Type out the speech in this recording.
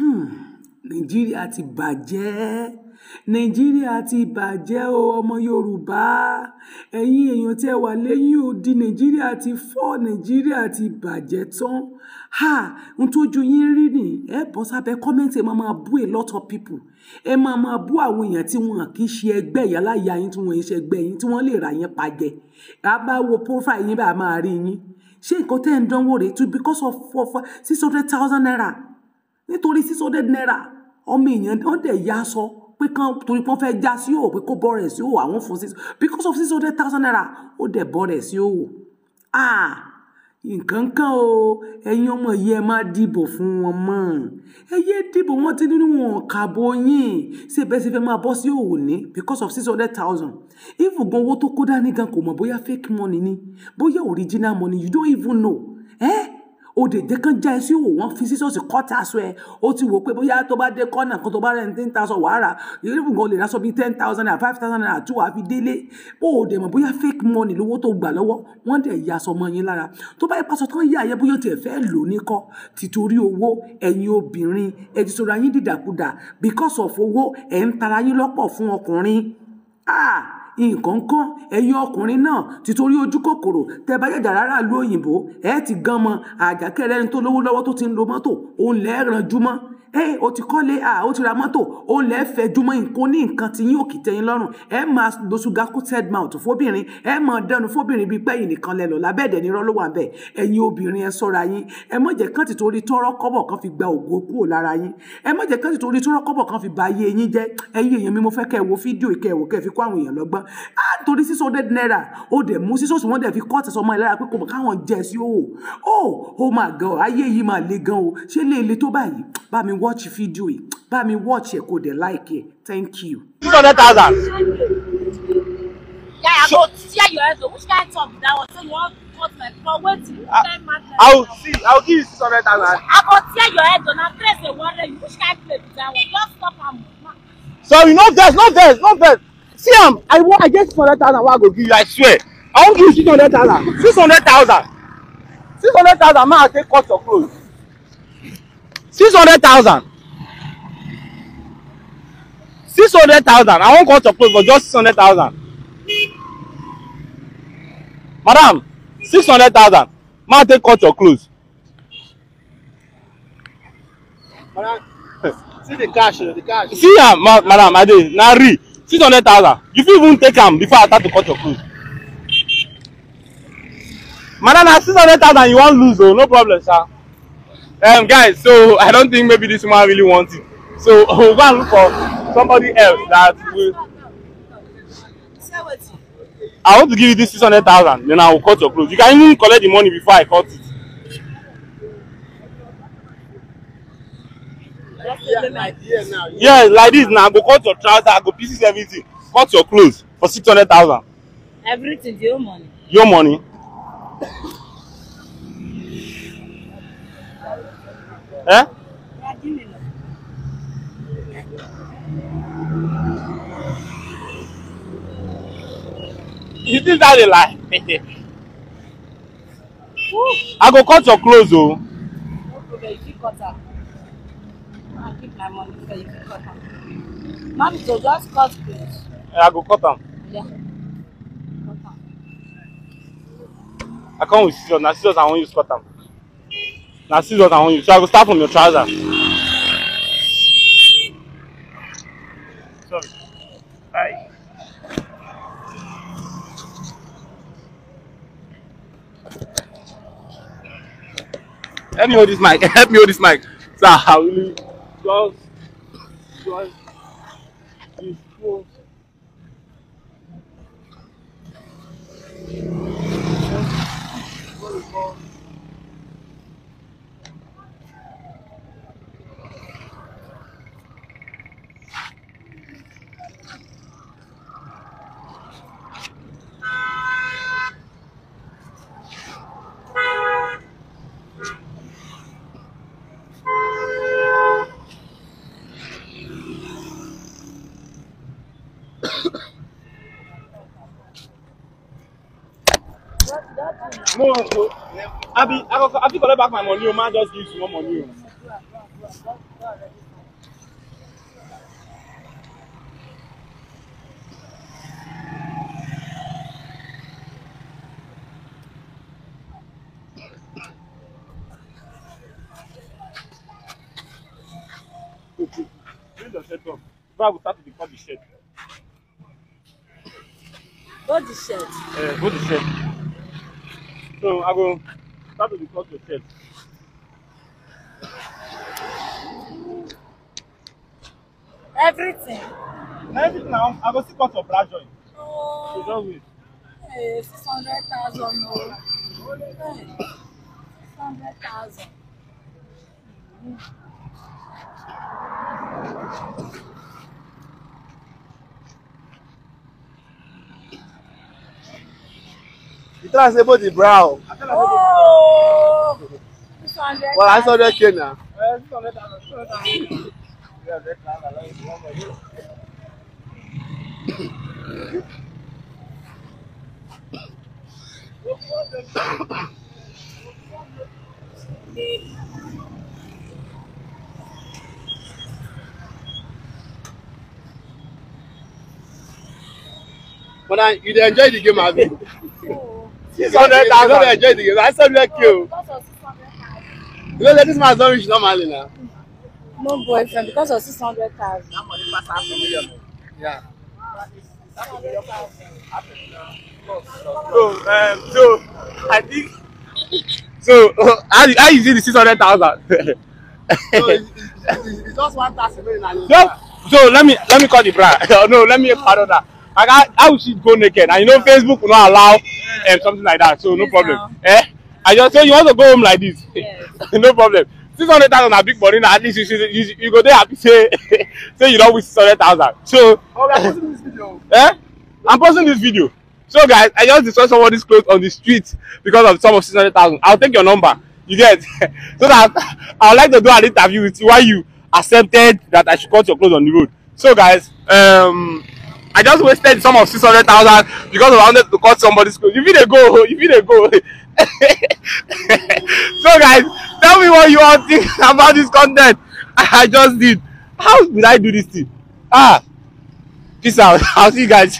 um nàìjíríà ti bàjẹ́ nàìjíríà ti bàjẹ́ o ọmọ yorùbá ẹ̀yin èèyàn tẹ́ wà lẹ́yìn odi nàìjíríà ti fọ́ nàìjíríà ti bàjẹ́ tán ha n tójú yín rí ni ẹ bọ́ sábẹ́ kọ́mẹ́ǹtì ẹ máa máa bú a lot of people ẹ máa máa bú àwọn èèyàn tí wọn kì í ṣe ẹgbẹ́ ìyá láyà yín tí wọn ń ṣe ẹgbẹ́ yín tí wọ́n lè ra yín pàjẹ́ a bá wo profile yín bá a máa rí yín ṣé nǹkan tẹ́ ń dánwò rè to because of four six hundred thousand naira nítorí six hundred naira ọmọ èèyàn wọ́n dẹ̀ yá sọ pé kan torí pé wọ́n fẹ́ já sí òwò pé kó bọ́ rẹ̀ sí òwò àwọn fún six because of six hundred thousand naira ó dẹ̀ bọ́ rẹ̀ sí òwò ah nǹkan kan o ẹ̀yin ọmọ yìí ẹ má dìbò fún wọn mọ́ ẹ yé dìbò wọn ti nínú wọn kàbó yín ṣé bẹ́ẹ̀ ṣe fẹ́ máa bọ́ sí òwò ní because of six hundred thousand even gan owó tó kó dání gan kò mọ̀ bóyá fake money ni bóyá original money you don't even know. Eh? òde jẹ́ kán já ẹ sí òwò wọ́n fi sísọ́ọ̀sì kọ́ta aṣọ ẹ ó ti wò pé bóyá tó bá dé kọ́nà kan tó bá rẹ̀ ní ten thousand wàhálà ìrìbù kan lè rásọ bíi ten thousand and five thousand and two àfi délé òde mọ̀ bóyá fake money lówó tó gbà lọ́wọ́ wọ́n dẹ̀ ya aṣọ mọ́ yín lára tó bá yẹ pásọ tán yá ayẹ bóyá tiẹ̀ fẹ́ lò ní kọ́ tìtorí owó ẹ̀yin obìnrin ẹ ti sọ̀rọ̀ ayín dìdàkudà because of owó ẹ̀ ń tara yín lọ́pọ̀ fún ọkùnrin ah nǹkan kan ẹ̀yin ọkùnrin náà ti torí ojú kòkòrò tẹ́ bá jàjà rárá lu òyìnbó ẹ ti gan mọ àjàkẹ́rẹ́ ẹni tó lówó lọ́wọ́ tó ti ń lo mọ́tò òun lẹ́ẹ̀ranjú mọ́ ẹ o ti kọ́lé à o ti ra mọ́tò o lẹ́ fẹjúmọ́ nǹkan ní nǹkan tí yín ò kì tẹ́yìn lọ́rùn ẹ máa lo ṣúgà coated mouth fóbìnrin ẹ máa dẹnu fóbìnrin bíi pẹ́yìn nìkan lẹ́lọ́ lábẹ́ẹ̀dẹ̀ nírọ́ ló wà bẹ́ẹ̀ ẹ̀yin obìnrin ẹ sọ́ra yín ẹ má jẹ́ kán ti torí tọ́rọ́ kọ́bọ̀ kan fi gba ògo kúrò lára yín ẹ má jẹ́ kán ti torí tọ́rọ́ kọ́bọ̀ kan fi ba ayé yín jẹ́ ẹ̀yin èèyàn mi mo fẹ́ kẹ́ ẹ wo fídíò ìkẹ́ ẹ wò kẹ́ ẹ fi kó àwọn èèyàn lọ́gbọ́n á torí six hundred naira ó dẹ̀ mú six hundred wọ́n dẹ̀ fi kọ́ ọ̀tẹ̀sọ́ ọmọ ẹ̀ lára pé kò mọ̀ káwọn jẹ́ sí o o oh, oh my God ayé yìí máa le gan o ṣé lè le tó báyìí bá mi watch if fídíò yìí bá me watch ẹ̀ kó dẹ̀ like it. thank you. two hundred thousand. guy i go tear your head o which kind talk be that one So you wan cut my throat wetin you tell man. i see i give you six hundred tear your head o na stress dey worry which kind play that one just stop sorry no vex no vex no vex see am um, i i get six hundred thousand i go give you i swear i won't give you six hundred thousand six hundred thousand six hundred thousand make i take cut your clothes six hundred thousand six hundred thousand i wan cut your clothes for just six hundred thousand madam six hundred thousand ma take cut your clothes. madam see the cash the cash. see am uh, ma madam ade na real six hundred thousand you fit even take am before i start to cut your clothes. madam na six hundred thousand you wan lose o oh, no problem sir um, guys, so I don't think maybe this woman really wants it. So we'll go look for somebody else that will. I want to give you this six hundred thousand, then I will cut your clothes. You can even collect the money before I cut it. Yeah, like, yeah, like this now. go cut your trousers, go pieces everything. Cut your clothes for six hundred thousand. Everything, your money. Your money. ẹ. Eh? you think that a lie i go cut your clothes Oh. no problem you fit cut am i keep my money so you fit cut them. Mom, to just cut clothes. i go cut them. Yeah. Cut them. i come with scissors na scissors i wan use cut them. Now see what i want you. so i go start from your trouser. sorry Hi. help me hold this mic help me hold this mic sir i really just just dispose. Thank you. No, Abi, I think I fit collect back my money. Your Ma just gives give small money. shirt on. Before I will start to become the shirt. Body shirt. Uh, body shirt. So I will start to become the shirt. Everything. Everything now. I go see cut of black joint. Oh. So Hey, 600,000 no. Hey, 600,000. Mm -hmm. You tell us about the brow. Oh! Well, I saw that kid now. But I, you enjoy the game, abi? Six hundred thousand dey enjoy the game. I said make oh, you. Because this man not rich normally na. No boyfriend because of six hundred thousand. That money must half a million. Yeah. So, um, so I think so. how, how you see the six hundred thousand? so it's, it's, it's just one thousand million. So, so let me let me call the brand. no, let me pardon that like how, how she go naked and you know facebook will not allow um, something like that so yes, no problem now. eh i just say you want to go home like this yes. no problem six hundred thousand na big money na at least you should you, you go dey happy say say you don win six hundred thousand so oh, I'm posting this video. eh i'm posting this video so guys i just destroy somebody's clothes on the street because of some of six hundred thousand i'll take your number you get so that i would like to do an interview with you why you accepted that i should cut your clothes on the road so guys um. I just wasted some of 600,000 because I wanted to cut somebody's clothes. You fit dey go, oh, you fit dey go. Oh. so guys, tell me what you all think about this content I just did. How did I do this thing? Ah, peace out. I'll see you guys.